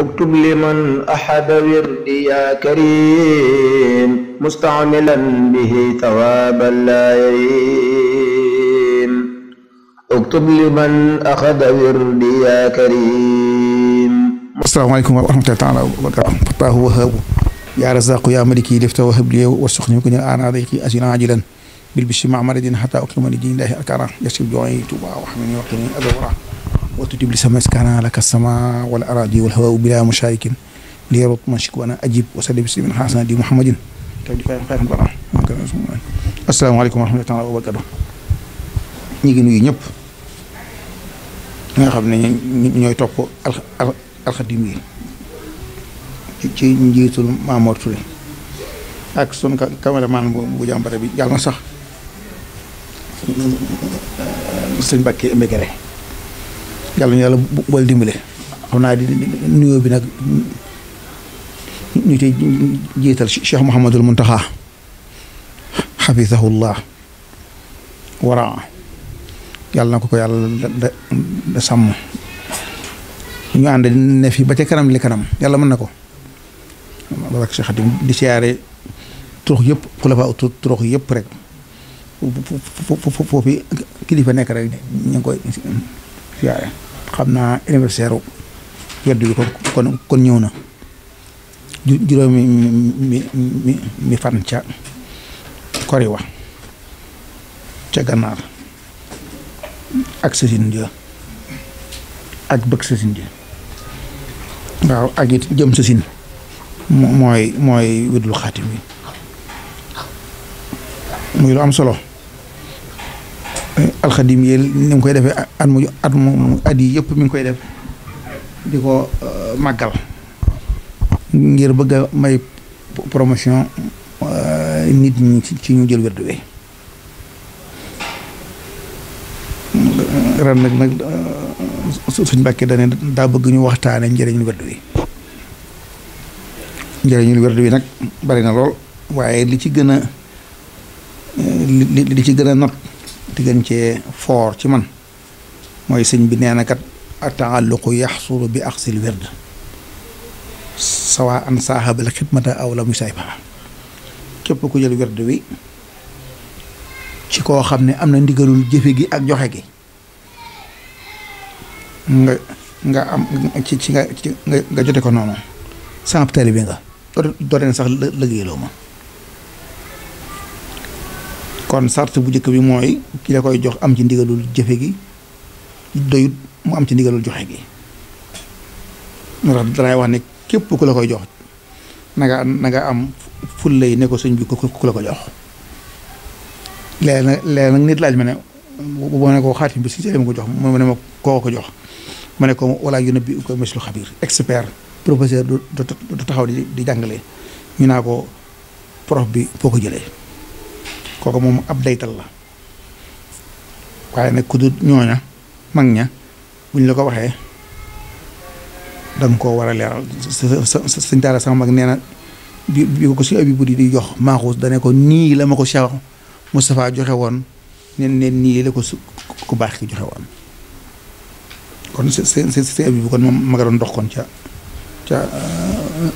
اكتب لمن أحب وردي يا كريم مستعملا به ثوابا لا يريم اكتب لمن أخذ وردي يا كريم السلام عليكم ورحمة الله تعالى وبركاته فتاه وهاب يا رزاق يا ملكي لفت وهب لي وسخني وكن الآن عليك أزين عاجلا بالبشر مع مرض حتى أكرم لدين الله أكرم يسيب دعائي توبا وحمني وقني أبورا watutib li sama iskana laka sama wal aradi wal hawa bila musharikin li yarut mashik wa ajib wa sallim bislimin hasana di muhammadin tawdi fa xayran bara assalamu alaykum wa ñooy topp alxadim yi ci njiitul bu bu bi yàlla na sax sëñ Mbàkke Mbégéré yàlla ñu yàlla boole dimbale xam naa di nuyoo bi nag ñu tey jiital Cheikh Mouhamadul Muntaxa xafisahullah waraa yàlla na ko ko yàlla da sàmm ñu ànd ne fi ba ca kanam li kanam yàlla mën na ko barak Cheikh Xadim di siyaare turux yëpp xulafa turux yëpp foofu kilifa nekk rek ñu ngi koy siyaare xam naa anniversaire u bi kon kon ñëw na juróomi mi mi mi fan ca kori ca gànnaar ak sasin ja ak bëgg sasin ja waaw ak it jëm sasin mooy mooy weddul xaatim bi muy lu am solo alxadim yéen mu koy defee at mu at mu at yi yëpp mi ngi koy def di ko euh, màggal ngir bëgg a may promotion euh, nit ñi ci ñu jël wérdu bi ren nag nag euh, suñ mbàkkee dane daa bëgg ñu waxtaane njëriñul wérdu bi njëriñul wérdu bi nag bari na lool waaye li ci gën a li li ci gën a not di cee foor ci man mooy sëñ bi nee na kat ataalluqu yaxsulu bi axsil wird sawa an saaxabal xidmata aw la musayba képp ku jël wird wi ci koo xam ne am na ndigalul jëfe gi ak joxe gi nga nga am ci ci nga nga jote ko noonu sànq taalibe bi nga dooteen sax lëggéeyloo ma kon sart bu njëkk bi mooy ki la koy jox am ci ndigalul jëfe gi doyut mu am ci ndigalul joxe gi moo tax wax ne képp ku la koy jox na na nga am fulla yi ne ko sëñ bi ku la ko jox léegi nag léegi nag nit laaj ma ne boo ne ko xaatim bi si sëñ ma ko jox mu ne ma koo ko jox ma ne ko wala yu nabbi ko monsieur xabir expert professeur du taxaw di di jàngale ñu naa ko prof bi foo ko jëlee kooku moom ab daytal la waaye nag ku dul ñooña mag ña buñ la ko waxee da nga koo war a leeral sa sa sëñ Taala mag nee na bi bi ko si abi bu di di jox maaxuus dane ko nii la ma ko Cheikh Moustapha joxe woon neen neen nii ko ku baax ki joxe woon kon si si si abi kon ma nga doon dox kon ca ca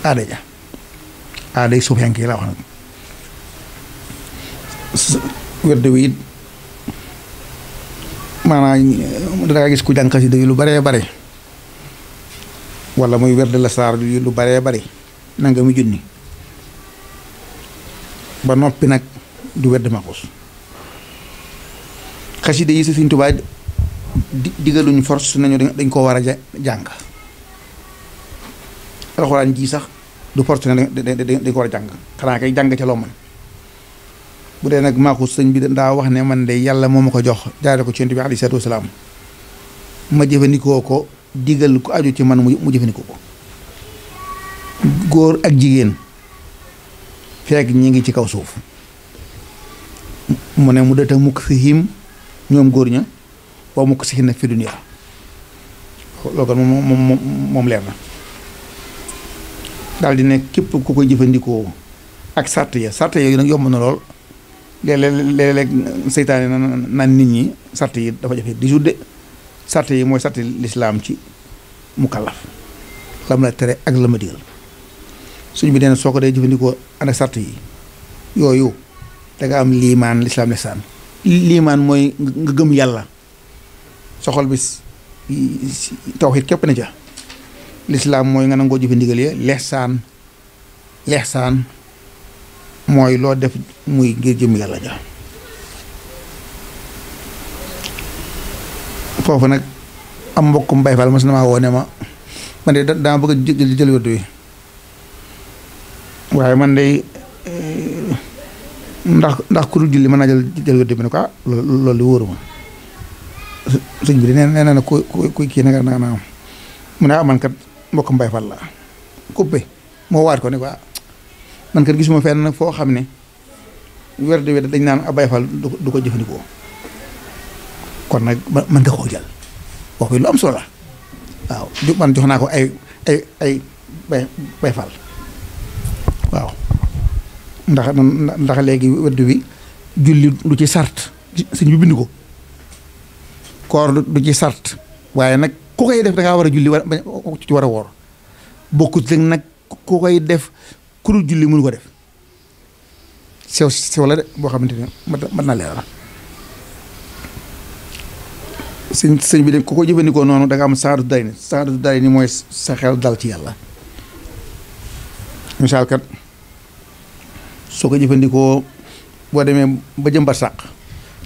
aada ya aada yi suuf yi la wax nag. wird wi it dangaa gis ku jàng xasida yu lu baree bare walla muy wird la saar yu lu baree bare nanga mu junni ba noppi nag du wird maxus xasida yi si Sëriñ Tuubaa diggaluñu force nañu dañ koo war a jàng alxuraan jii sax du force na dañ ko war a jàng xanaa kay jàng ca loo bu dee nag maaxu sëñ bi da daa wax ne man de yàlla moom ma ko jox jaare ko ci yonent bi alayhi jëfandikoo ko digal ko aju ci man mu jëfandikoo ko góor ak jigéen fekk ñi ngi ci kaw suuf mu ne mu dëta mukk si him ñoom góor ña boo mukk si him fi duniyaa loolu kon moom moom moom leer na daal ne képp ku koy jëfandikoo ak sart ya sart ya nag yomb na lool léeg-léeg léeg-léeg seytaane naan nit ñi sart yi dafa jafe di judde sart yi mooy sart lislaam ci mukallaf la mu la tere ak la ma digal suñ bi nee na soo ko dee jëfandikoo ànd ak sart yi yooyu da nga am liimaan lislaam lisaan liimaan mooy nga gëm yàlla soxol bi tawxiid képp na ca lislaam mooy nga nangoo jëfe ndigal ya lexsaan lexsaan mooy loo def muy ngir jëm yàlla ja foofu nag am mbokkum Baay Faal mas na maa woo ne ma man de dama bëgg jël jël wérdu wi waaye man de eh, ndax ndax ku dul julli mën naa jël jël wérdu bi ne ko ah loolu lu wóoruma sëñ bi de nee na na ku ku kii nag naa am mu ne ah man kat mbokkum la coupé moo waat ko ne ko ah, man kat gisuma fenn nag foo xam ne werd werd dañ naan a Baay Faal du ko jëfandikoo kon nag mën nga koo jël am solo la waaw man jox naa ko ay ay ay Baay waaw ndax ndax léegi werd wi julli du ci sart sëñ bi bind ko koor du ci sart waaye nag ku koy def da war a julli war ci war a woor bokkut nag ku koy def ku dul julli mënu ko def sew sew la de boo xamante ne mën na leeral sëñ sëñ bi de ku ko jëfandikoo noonu da nga am saadu day ni saadu day ni mooy sa xel dal ci yàlla misaal kat soo ko jëfandikoo boo demee ba jëm ba sàq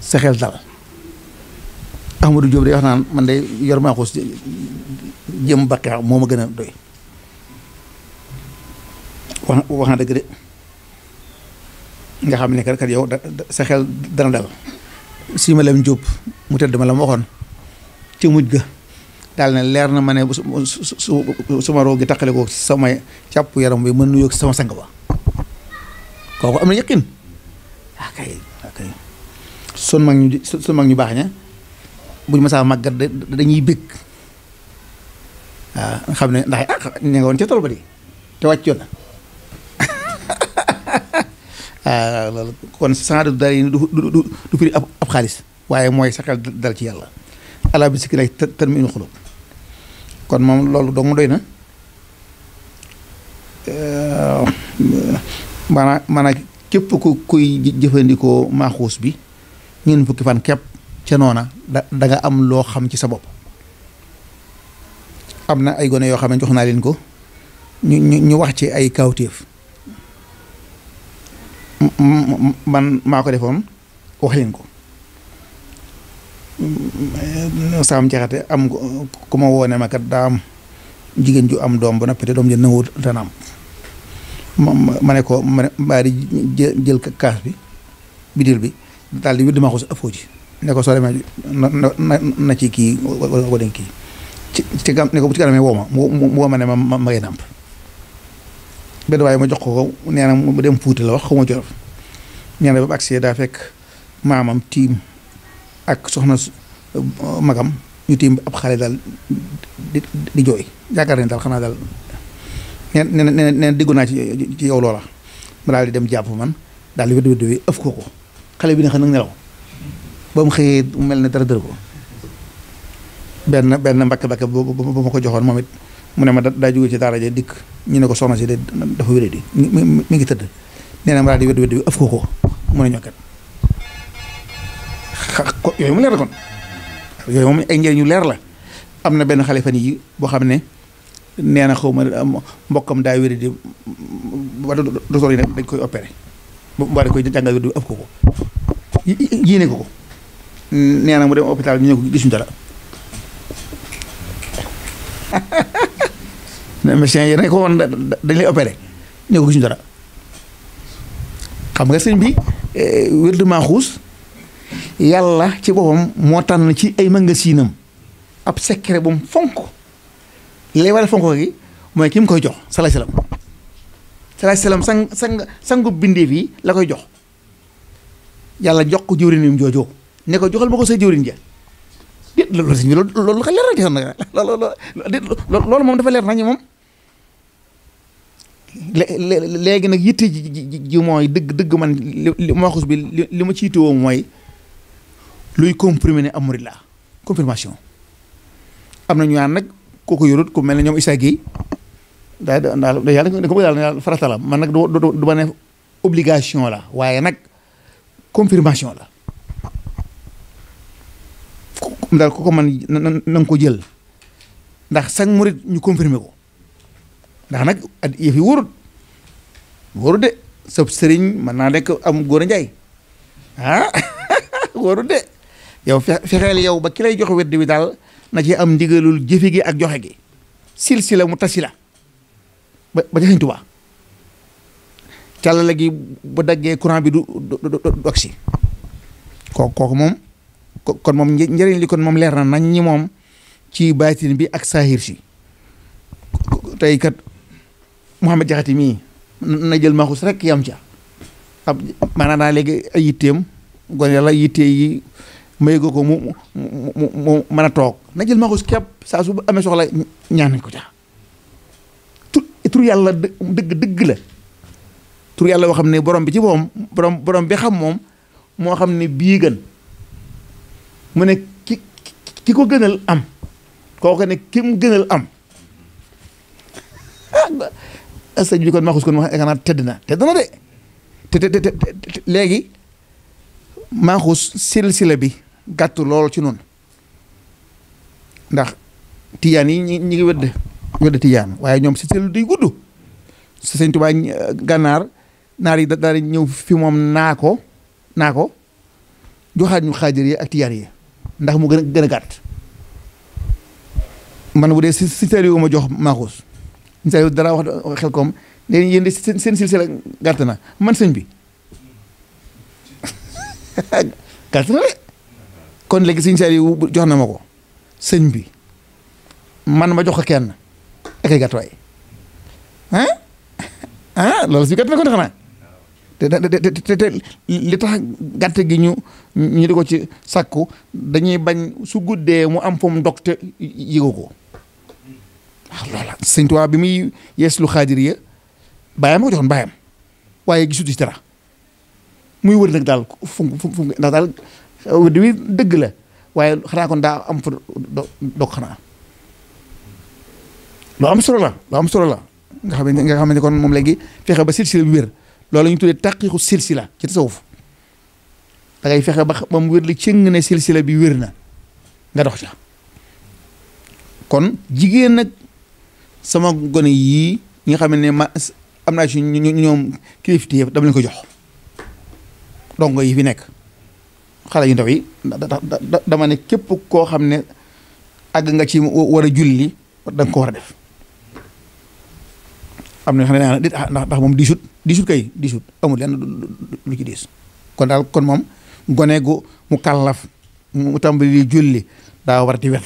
sa xel dal Ahmadou Diop day wax naan man de yor maa jëm ba xeex moo ma gën a doy wax wax na dëgg de nga xam ne kat kat yow sa xel dana dal si ma lam jóob mu tedd ma la ma waxoon ci mujj ga daal ne leer na ma ne su suma roo gi taqale ko sama càpp yaram bi mën nuyoo sama sang ba am na yëqin ah, ah, mag ñu sun mag ñu baax ña buñu masaa màggat dañuy bëgg waaw ah, xam ne ndax ah ñu nga woon ca tool ba di te wàcc yoon na ah loolu kon sanaadu dara yi du du du du firi ab xaalis waaye mooy sa xel dal ci yàlla alaa bi sikki lay tatma'inul quluub kon moom loolu doomu doy na maanaam maanaam képp ku kuy jëfandikoo maaxuus bi ñun fukki fan képp ca noona da da am loo xam ci sa bopp am na ay gone yoo xam ne jox naa leen ko ñu ñu ñu wax ci ay kawtéef man maa ko defoon waxin ko saam jaxate am ku ma woone ma kat daa am jigéen ju am doom ba noppi te doom ja nanguwut dana ma ne ko ma ne mbaari jël kaas bi bidil bi daal di widd ma ko sa ëppoo ji soo demee na na na ci kii wala kii ci ci ne ma mu woo ne ma ma ngay benn waaye ma jox ko nee na dem Fuuta la wax xaw ma Jolof nee daa fekk maamam tiim ak soxna euh, magam ñu tiim ab xale daal di di jooy yaakaar nañ daal xanaa daal déggu naa ci ci ma daal di dem jàpp man daal di wedd wedd wi ko ko xale bi ne xam nag nelaw ba mu xëyee mel ne dara dër ko benn benn mbakk mbakk ba ma ko joxoon moom it mu ne ma daa jóge ci daara ja dikk ñu ne ko soxna si dafa wéré di mi ngi tëdd nee na ma daal di wedd wedd bi ëf ko ko mën a ñokkat yooyu mu leer la am na benn xale fan yi boo xam ne nee na xaw ma mbokkam daa wéré di wala docteur yi ne dañ koy opéré ba dañ koy jàngal wedd bi ëf ko ko yéene ko ko nee na mu dem hôpital ñu ne ko gisuñu dara médecin yi dañ ko woon dañ lay opéré ñoo ko gis ñu dara xam nga sëñ bi eh, wérdu maaxuus yàlla ci boppam moo tànn ci ay magasinam ab secret bu mu fonk lay war a fonk gi mooy ki mu koy jox salaay salaam salaay salaam sangu sang sangu bindéef yi la koy jox yàlla jox ko jëwriñam joojoo ne ko joxal ma ko sa jëwriñ ja déet loolu sëñ bi loolu loolu leer loolu moom dafa leer nañu moom léegi nag yitte ji ji mooy dëgg dëgg man li maaxus bi li ma ciy woo mooy luy comprimer ne amurit la confirmation am na ñu naan nag kooku yorut ku mel ne ñoom Issa Guèye daal daal yàlla da nga ko daal farata man nag du du obligation la waaye nag confirmation la daal ku ko man na nga jël ndax sax murit ñu confirmer ko. ndax nag at yëf yi wóorut wóorut de sab sëriñ mën naa nekk am góor a njaay ah wóorut de yow fexeel yow ba kilay lay jox wedd bi daal na ci am ndigalul jëfe gi ak joxe gi silsila mu tasila ba ba ci Sëñ Tuubaa càllale gi bu daggee courant bi du dog si kooku kooku moom kon moom njëriñ li kon moom leer na nañ ñi moom ci baatin bi ak saahir si Mouhamed Diakhaté mii na jël maaxus rek yam ca ab maanaam daa léegi ay yitteem gone yàlla yitte yi may ko ko mu mu mu mën a toog na jël maaxus képp saa su amee soxla ñaan nañ ko ca tur tur yàlla la tur yàlla boo xam ne borom bi ci moom borom borom bi xam moom moo xam ne bii gën mu ne ki ki ko gënal am kooku ne ki mu gënal am. asaj bi kon maxus kon ma xanaa tedd na tedd na de te te te léegi maxus silsila bi gàtt lool ci noonu ndax tijaan yi ñi ngi wedd wedd waaye ñoom si selu day gudd si sëñ Tuubaa gànnaar naar yi daal ñëw fi moom naa ko naa ko joxaat ñu xaajar yi ak tiyaar yi ndax mu gën a gën a gàtt man bu dee si si teel yu ma jox maaxuus Saliou dara wax xel koom ne yéen de seen seen silsila gàtt na man sëñ bi gàtt na kon léegi sëñ Saliou jox na ma ko sëñ bi man ma jox ko kenn ak ay gàttuwaay ah ah loolu si gàtt na te te li tax gàtt gi ñu ñu di ko ci sàkku dañuy bañ su guddee mu am fu mu dog te yëgu ko loola sëñ Tuubaa bi muy yees lu xaadiriya bàyyam ko joxoon bàyyam waaye gisut ci dara muy wër nag daal fu fu fu ndax daal wëdd wi dëgg la waaye xanaa kon daa am fa dog xanaa lu am solo la lu am solo la nga xam ne nga xam ne kon moom léegi fexe ba silsila bi wér loolu la ñu tuddee taqiqu silsila ci tasawuf da ngay fexe ba ba mu wér li cëng ne silsila bi wér na nga dox ca kon jigéen nag sama gone yii ñi nga xam ne ma am naa ci ñoom kilifteef dama leen ko jox donc yi fi nekk xale yu ndaw yi dama ne képp koo xam ne àgg nga ci war a julli da nga ko war a def am na xam ne naa dit ah, ndax moom diisut diisut kay diisut amul lenn lu ci diis kon daal kon moom gone gu mu kàllaf mu tàmbali julli daa war di wet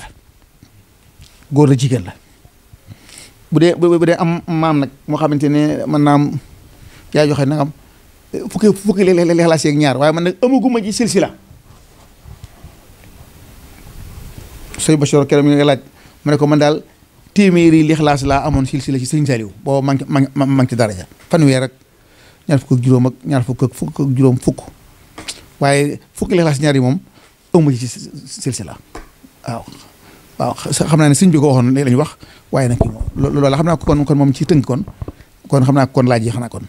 góor la jigéen la bu dee bu dee am maam nag moo xamante ne man naam yaa joxe nangam fukki fukki léeg-léeg xalaas yeeg ñaar waaye man nag amaguma ci silsila sëñ Bachir keroog mi ngi laaj ma ne ko man daal téeméeri li xalaas laa amoon silsila ci sëñ Saliou booba man man man ci dara ja fanweer ak ñaar fukk juróom ak ñaar fukk ak fukk ak juróom fukk waaye fukki li xalaas ñaar yi moom amuma ci silsila waaw xam naa ne sëñ bi ko waxoon léegi la wax waaye nag loolu xam naa kon kon moom ci tënk kon kon xam naa kon laaj yi xanaa kon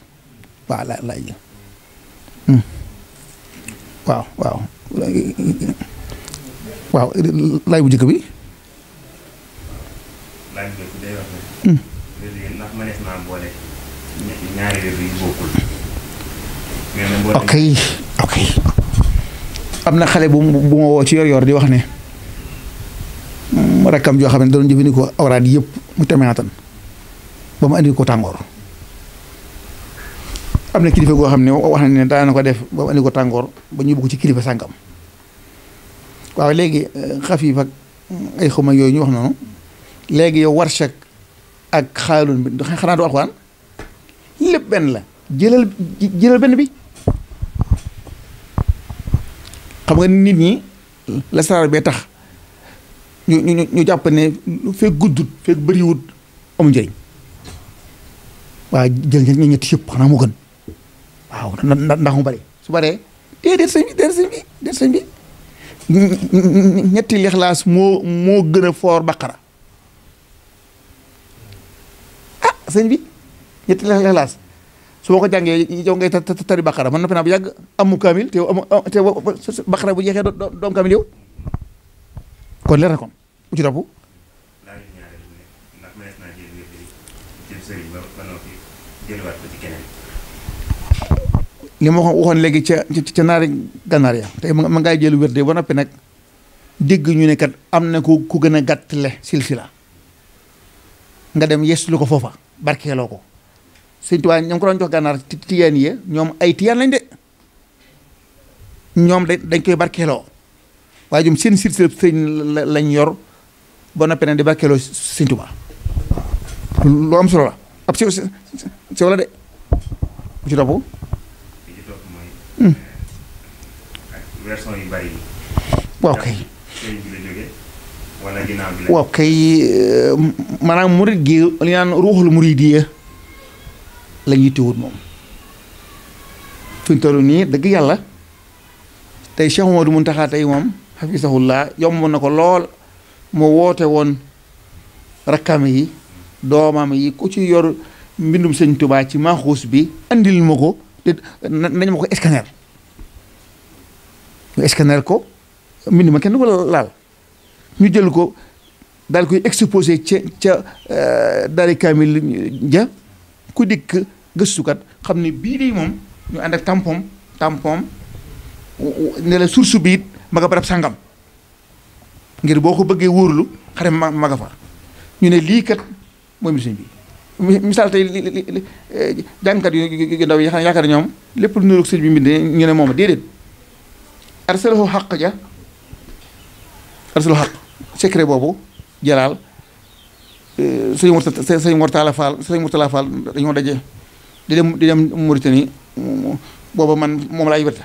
waaw hmm. laaj bu njëkk bi. laaj bu hmm. am na xale bu bu ma woo ci yor-yor di wax ne. am rakkam joo xam ne doon jëfandikoo awraad yëpp mu tamaatan ba mu andi ko tàngoor am na kilifa goo xam ne wax na ne daanako def ba mu andi ko tàngoor ba ñu bugg ci kilifa sànkam waaw léegi eh, xafiif ak mm, ay xuma yooyu ñu wax noonu léegi yow warshak ak xaalun bi xanaa du alxuraan lépp benn la jëlal jëlal benn bi xam nga nit ñi la saar bee tax ñu ñu ñu jàpp ne fekk guddut fekk bëriwut amu njëriñ waaw jël ñetti ñetti yëpp mu gën ndax mu bëri su bëree déedéet sëñ bi déedéet moo moo gën a foor baqara ah sëñ bi ñetti lixlaas su boo ko jàngee yow ngay tari baqara man noppi naa bu yàgg amu kaamil te amu bu jeexee doom kaamil yow kon leer na kon bu ci topp. li ma waxoon léegi ca ca naari gànnaar ya tey ma ngay jël wér de ba noppi nag dégg ñu ne am na ku ku gën a gàttale silsila nga dem yes ko foofa barkeeloo ko sëñ Tuubaa ñoom ko doon jox gànnaar tiyaan yi ñoom ay tiyaan lañ de ñoom dañ koy barkeeloo waaye ñoom seen silsila sëñ lañ yor ba noppi nag di bàkkeeloo sëñ Tuubaa lu am solo la ab si si de bu ci topp. Hmm. bi kay. wala ginnaaw eh, gi li naan ruuxul muridiyya la ñuy teewut moom. fi mu nii dëgg yàlla tey Cheikh Modou Mountakha tey moom. laa yomb na ko lool mu woote woon rakkam yi doomam yi ku ci yor mbindum sëñ tubaa ci maaxuus bi andil ma ko te nañ ma ko scanner ñu scanner ko mbind ma kenn ko laal ñu jël ko dal koy exposé ca ca euh, daari kaamil ku dikk gëstukat xam ne bii de moom ñu ànd ak tampom tampom ne la ma nga barab sàngam ngir boo ko bëggee wóorlu xare ma fa ñu ne lii kat mooy mission bi misaal tey eh, jàngkat yu ndaw yi xam yaakaar ñoom lépp lu nuroog sëñ bi mbindee ñu ne moom déedéet arsalahu xaq ja arsalahu xaq secret boobu jalaal eh, sëñ Murtala sëñ Murtala Fall sëñ Murtala daje di dem di dem Mauritanie booba man moom laay wërta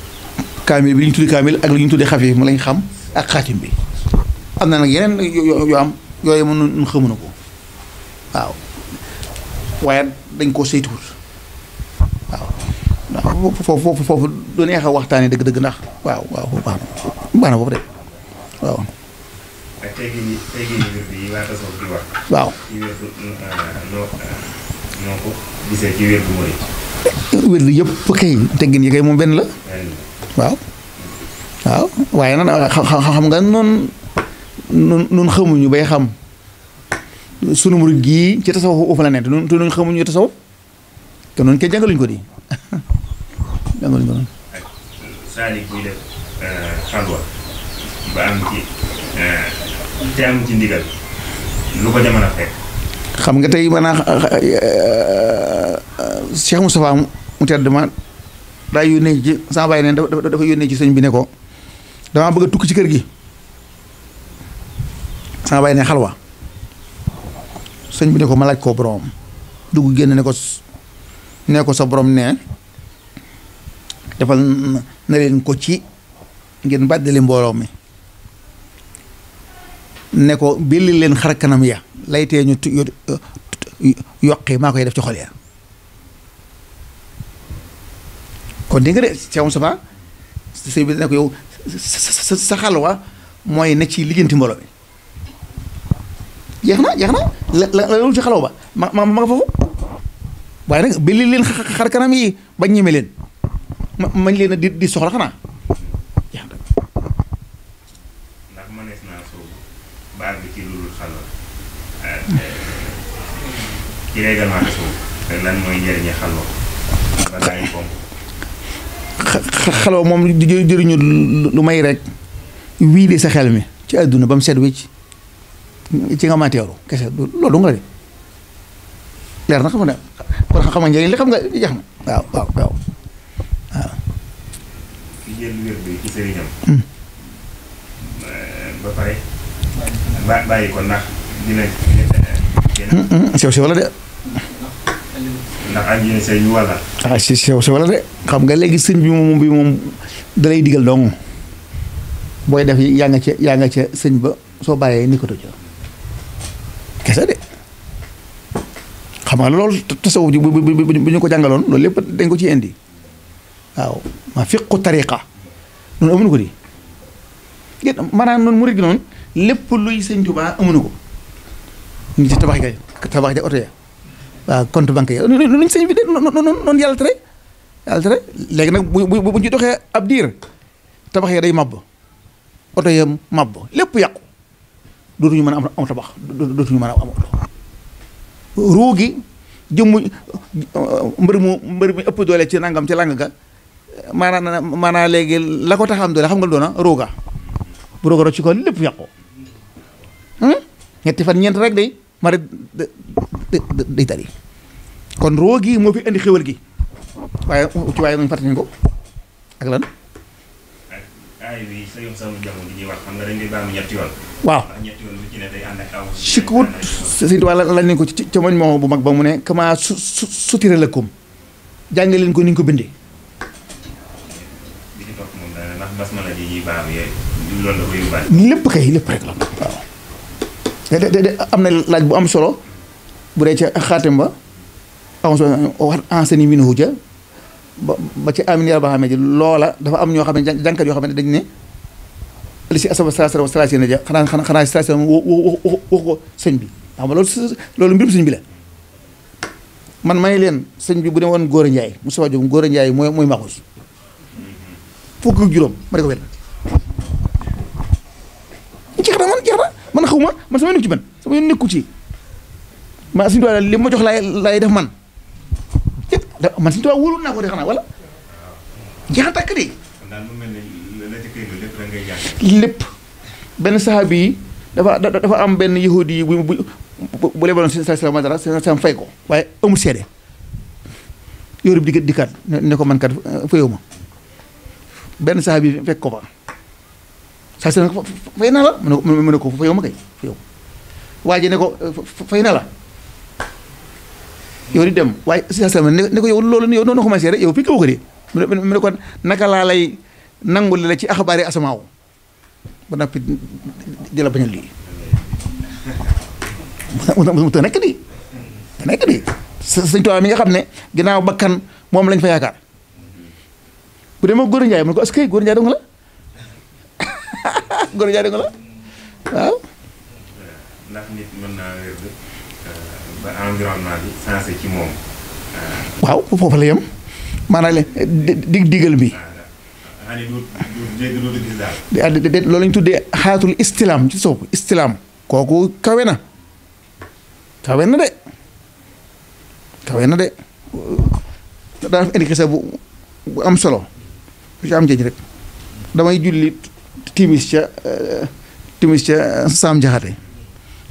kaamil bi li ñu tuddee kaamil ak li ñu tuddee mu lañ xam ak xaatim bi am na nag yeneen yoo am yooyu mën nun xamu ko waaw waaye dañ koo saytuwut waaw foofu foofu du neex a waxtaanee dëgg-dëgg ndax waaw waaw baax baax na foofu de waaw waaw wér euh, yëpp kay teggin yi kay moom benn la waaw waaw waaye nag xam nga noonu noonu xamuñu bay xam sunu murid gii ci tasawuf fa la nekk te noonu xamuñu tasawuf te kenn jàngaluñ ko di xam nga tey maanaam euh, Cheikh Moustapha mu tedd ma. daa yónnee ci sama baay neen dafa dafa yónnee ci sëñ bi ne ko damaa bëgg a tukki ci kër gi sama baay ne xalwa sëñ bi ne ko ma laaj ko boromam dugg génn ne ko sa borom ne defal na leen ko ci ngeen bàddali mbooloo mi ne ko billi leen xar kanam ya laytee ñu yokki maa koy def ci xol ya kon dégg nga de Cheikh Moustapha sëñ bi dina ko yow sa sa xalwa mooy ne ci liggéenti mbooloo bi jeex na jeex na la la loolu ci xalaw ba ma ma ma nga foofu waaye nag ba li leen xar kanam yi ba ñeme leen ma mañ leen di di soxla xanaa jeex na. ndax mënees naa soobu baal bi ci loolu xalwa ci règlement soobu lan mooy njëriñu xalwa ba daañu ko. xaloo moom di jëriñu lu may rek wii de sa xel mi ci àdduna ba mu set wecc ci nga mateeru kese loolu nga de leer na xam xam nga waaw waaw waaw hmm. hmm, hmm, sew sew la de ndax aji na sëñ wala. ah si wala de xam nga léegi sëñ bi moom bi moom dalay digal dong booy def yaa nga ca ca sëñ ba soo bàyyee ni ko toj kese de xam nga loolu tasawuf ji bu bu ñu ko jàngaloon loolu lépp dañ ko ci indi waaw ma fiqu tariqa noonu amuñu ko di gét maanaam noonu murid gi noonu lépp luy sëñ Tuubaa amuñu ko ñu ci tabax ga tabax ja oto ya waaw compte bancaire luñ sëñ bi de noonu yàlla tere yàlla tere léegi nag bu bu bu ci doxee ab diir tabax ya day màbb oto ya màbb lépp yàqu dootuñu mën a am tabax dootuñu mën a am gi jëmm mbër mu mbër mi ëpp doole ci nangam ci lang ga maanaam maanaam léegi la ko taxam doole xam nga doona ah, ruuga bu ruuga ci ko lépp yàqu hmm? ñetti fan ñeent rek day mari day tari kon roo gii moo fi indi xéwal gi waaye ci waaye nañu fàttali ñu ko ak lan. sa yoon sama jamono di ñuy wax ñetti yoon. waaw ndax ñetti yoon lu ci ne ko ci ca moñ moomu bu mag ba mu ne comment su sutire la koom jàngal leen ko ni ñu ko bindee. li ci topp lépp kay lépp rek la waaw. de de de am na laaj bu am solo bu dee ca xaatim ba. enseni min huja ba ci amin yàlla ba xam am ñoo xam ne jànkat yoo xam ne dañ ne si asaba salasara salasi na ja xanaa xanaa salasi bi loolu loolu sëñ bi la man may leen sëñ bi bu ne woon Góora Njaay Moustapha Diop Góora mooy mooy maxus fukk ak ma xaw ma man sama nekku ci man sama nekku ci ma suñu doole li ma jox laay laay def man da man Sëñ Tuubaa wóolu naa ko de lépp benn saxaabi yi dafa am benn yahudi yi bu bu bu lebaloon seen salaam dara seen fay ko waaye amul seede yorub di dikkaat ne ko man kat eh, fayewu ma benn saxaabi fekk ko fa saa fay naa la mu ne ko mu kay fayewu waa ji ne ko fay na la. yow di dem waaye sincèrement ne ko yow loolu yow noonu commencé rek yow fii kaw ko de mu ne kon naka laa lay nangul la ci axabaari asamaaw ba noppi di la bañ lii mu ta nekk di te nekk di sëñ Tuubaa mi nga xam ne ginnaaw bakkan moom lañ fa yaakaar bu dee ma góor mu ne ko est-ce que la góor njaay la waaw ba environnement bi sensé ci waaw foofu la yem maanaam dig digal bi. Ah, loolu la tuddee xaatul istilaam ci soobu istilaam kooku kawe na kawe na de kawe na de daa def indiqué bu bu am solo lu ci am njëriñ rek damay julli timis ca euh, timis ca saam jaxate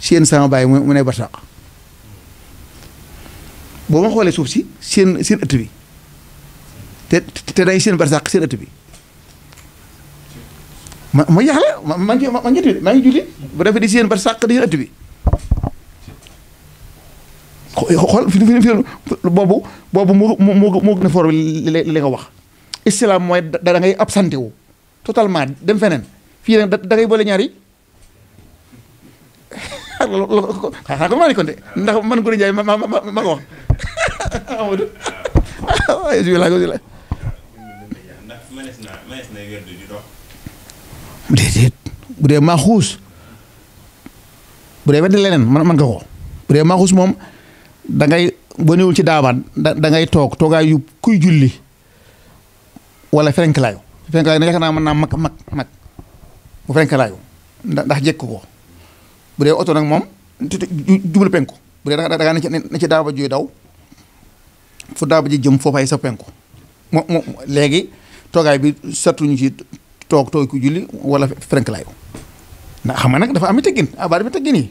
si yéen sama bàyyi mu ne bataax boo ma xoolee suuf si seen seen ëtt bi te te day seen barsàq seen ëtt bi ma ma jaaxle ma ma ngi ma ngi maa ngi julli bu defee di seen barsàq di seen ëtt bi xool fi fi fi boobu boobu moo moo moo gën a for li nga wax islam mooy da ngay absenté wu totalement dem feneen fii nag da ngay boole ñaar xaaral loo ko xaaral maa de ndax man Gora Ndiaye ma ma ko wax Amadou ah, waaw bisimilah bisimilah. bu dee maaxuus bu dee weddi leneen man man nga ko bu dee maaxuus moom dangay ngay boo ci daabaan dangay toog toogaay yu kuy julli wala fenkalaayu fenkalaayu nag yaakaar naa mën naa mag mag mag bu fenkalaayu ndax jekk ko. bu dee oto nag moom jublu penku bu dee da nga na ci na ci daaba juy daw fu daaba ji jëm foofu ay sa penku mo mo léegi toogaay bi sattuñu ci toog toog ku julli wala frenk laayu ndax xam nga nag dafa am teggin abaar bi teggin yi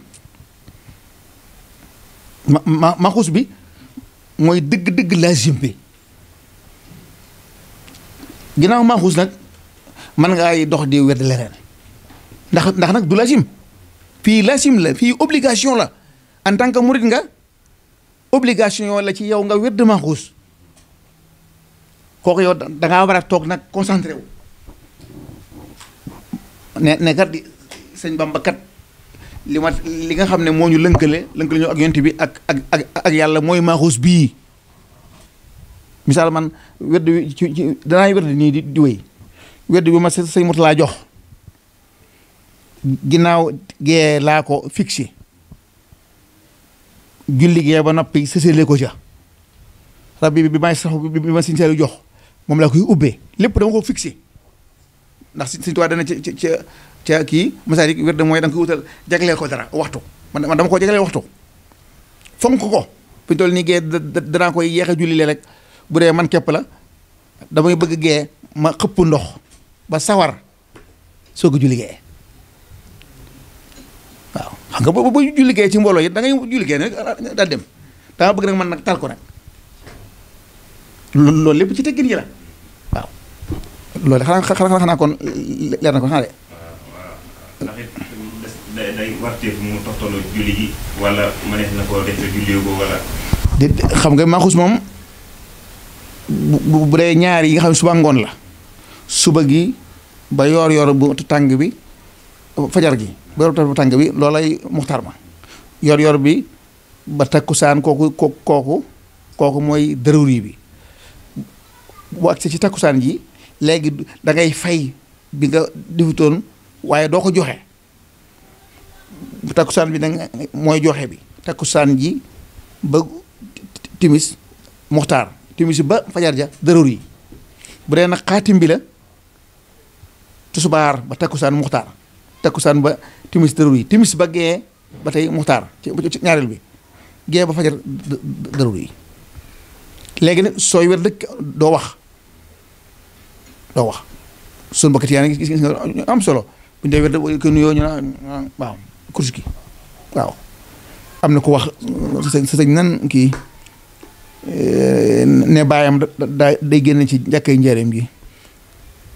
ma ma maxus bi mooy dëgg-dëgg lazim bi ginnaaw maxus nag mën ngaa dox di wedd leneen ndax ndax nag du lazim fii lasim la fii obligation la en tant que murit nga obligation la ci yow nga wér dama kook kooku yow da war a toog nag concentré wu ne ne kat di sëñ Bamba kat li ma li nga xam ne moo ñu lënkale lënkale ñu ak yonent bi ak ak ak ak yàlla mooy maaxuus bii misaal man wedd ci danaa wedd nii di di wéy wedd bi ma sëñ Murtala jox ginnaaw gee laa ko fixé julli gee ba noppi sësale ko ca rabbi bi bi may sax bi ma siñ seelu jox moom laa koy ubbee lépp dama ko fixé ndax si si tuwaa dana ca ca ca kii masaarik wér de mooy da nga koy wutal jagleel ko dara waxtu man dama ko jagleel waxtu fonk ko fi toll nii gee danaa koy yeex a julli le rek bu dee man képp la damay bëgg gee ma xëpp ndox ba sawar soog a julli gee waaw xam nga boobu bu julligee ci mbooloo yi da ngay julligee ah, daal dem dama bëgg nag man nag tal ko nag loolu lépp ci teggin yi la waaw loolu xam nga maaxus moom bu bu dee ñaar yi nga xam ne suba ngoon la suba gi ba yoor-yoor bu tàng bi fajar gi. yor bu tàng bi loolay muxtaar ma yor yor bi ba takkusaan kooku kooku kooku mooy daruri bi bu si ci takkusaan ji léegi da ngay fay bi nga defutoon waaye doo ko joxe takkusaan bi da mooy joxe bi takkusaan ji ba timis muxtaar timis ba fajar ja daruri bu dee nag xaatim bi la tusubaar ba takkusaan muxtaar takkusaan ba timis dërëru yi timis ba gee ba tey muxtaar ci ñaareel bi gee ba fajar dërëru yi léegi nag sooy wér dëkk doo wax doo wax suñu bokkati yaa ngi gis nga am solo bu ñu dee wér ko na ko wax sa sëñ nan kii eh, ne baayam da day génn ci njàkkay njareem gi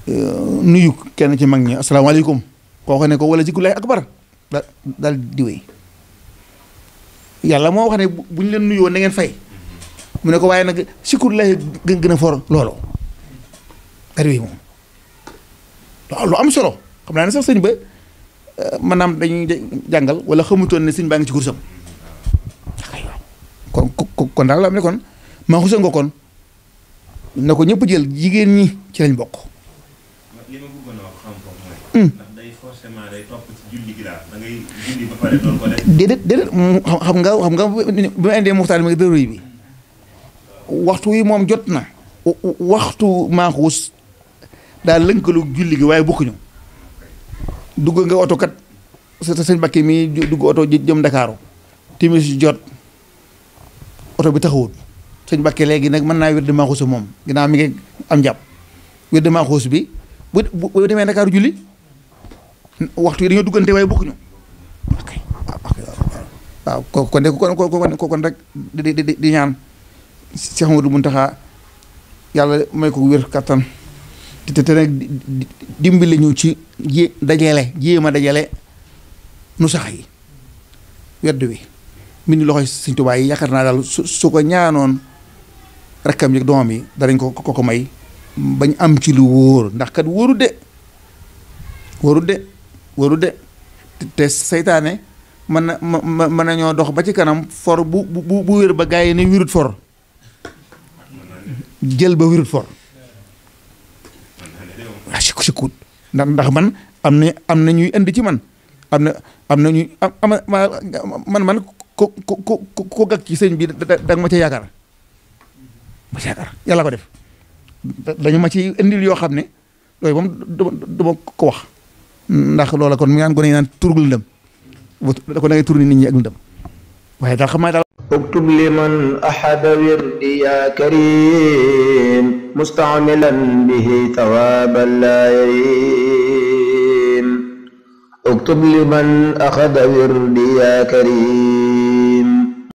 eh, nuyu kenn ci mag ñi asalaamaaleykum kooku ne ko wala zikrullaahi akbar daal di moo wax ne bu leen nuyoo na ngeen fay mu ne ko waaye nag zikrullaahi gën gën a for loolu am solo xam naa ne sax sëñ ba euh, maanaam dañuy jàngal wala xamutoon ne sëñ baa ngi ci kursam kon kon daal la am ne kon maa xusa nga kon na ko ñëpp jël jigéen ñi ci lañ bokk. forcément day topp ci julli gi daal da xam nga xam nga bu ma indee muxtaar ma dërëy bi waxtu wi moom jot na. waxtu maaxuus daal lënkalu julli gi waaye bokkuñu dugg nga oto kat sa sëñ Bakki mi dugg oto jëm Ndakaaru timis jot oto bi taxawut sëñ Bakki léegi nag mën naa wér de maaxuus moom ginnaaw mi ngi am jàpp wér de maaxuus bi bu bu demee Ndakaaru julli. waxtu yi dañoo duggante waaye bokkuñu ok waaw waaw kon de kon kon kon rek di di di ñaan Cheikh Amadou Mountakha yàlla may ko wér kattan te te nag dimbali ñu ci ji dajale jéem a dajale nu sax yi wedd wi mbind loxoy Sëñ Tuubaa yi yaakaar naa daal su su ko ñaanoon rakkam yi doom yi danañ ko ko ko may bañ am ci lu wóor ndax kat wóoru de wóoru de waru de te seytaane mën na mën mën nañoo dox ba ci kanam foor bu bu bu wér ba gaa yi ne wirut for jël ba wirut for waaw ah, ndax ndax man am na am na ñuy indi ci man am na am na ñuy am man man ko ko ci sëñ bi da ma ca yaakaar ma ca yaakaar ko def dañu ma ci indil yoo xam ne loolu moom du ko wax. ndax loola kon mi naan gone yi naan turug lëndëm kon da ngay turni nit ñi ak lëndëm waaye daal xam naa daal اكتب لمن أحد وردي يا كريم مستعملا به ثوابا لا يريم اكتب لمن أخذ وردي يا كريم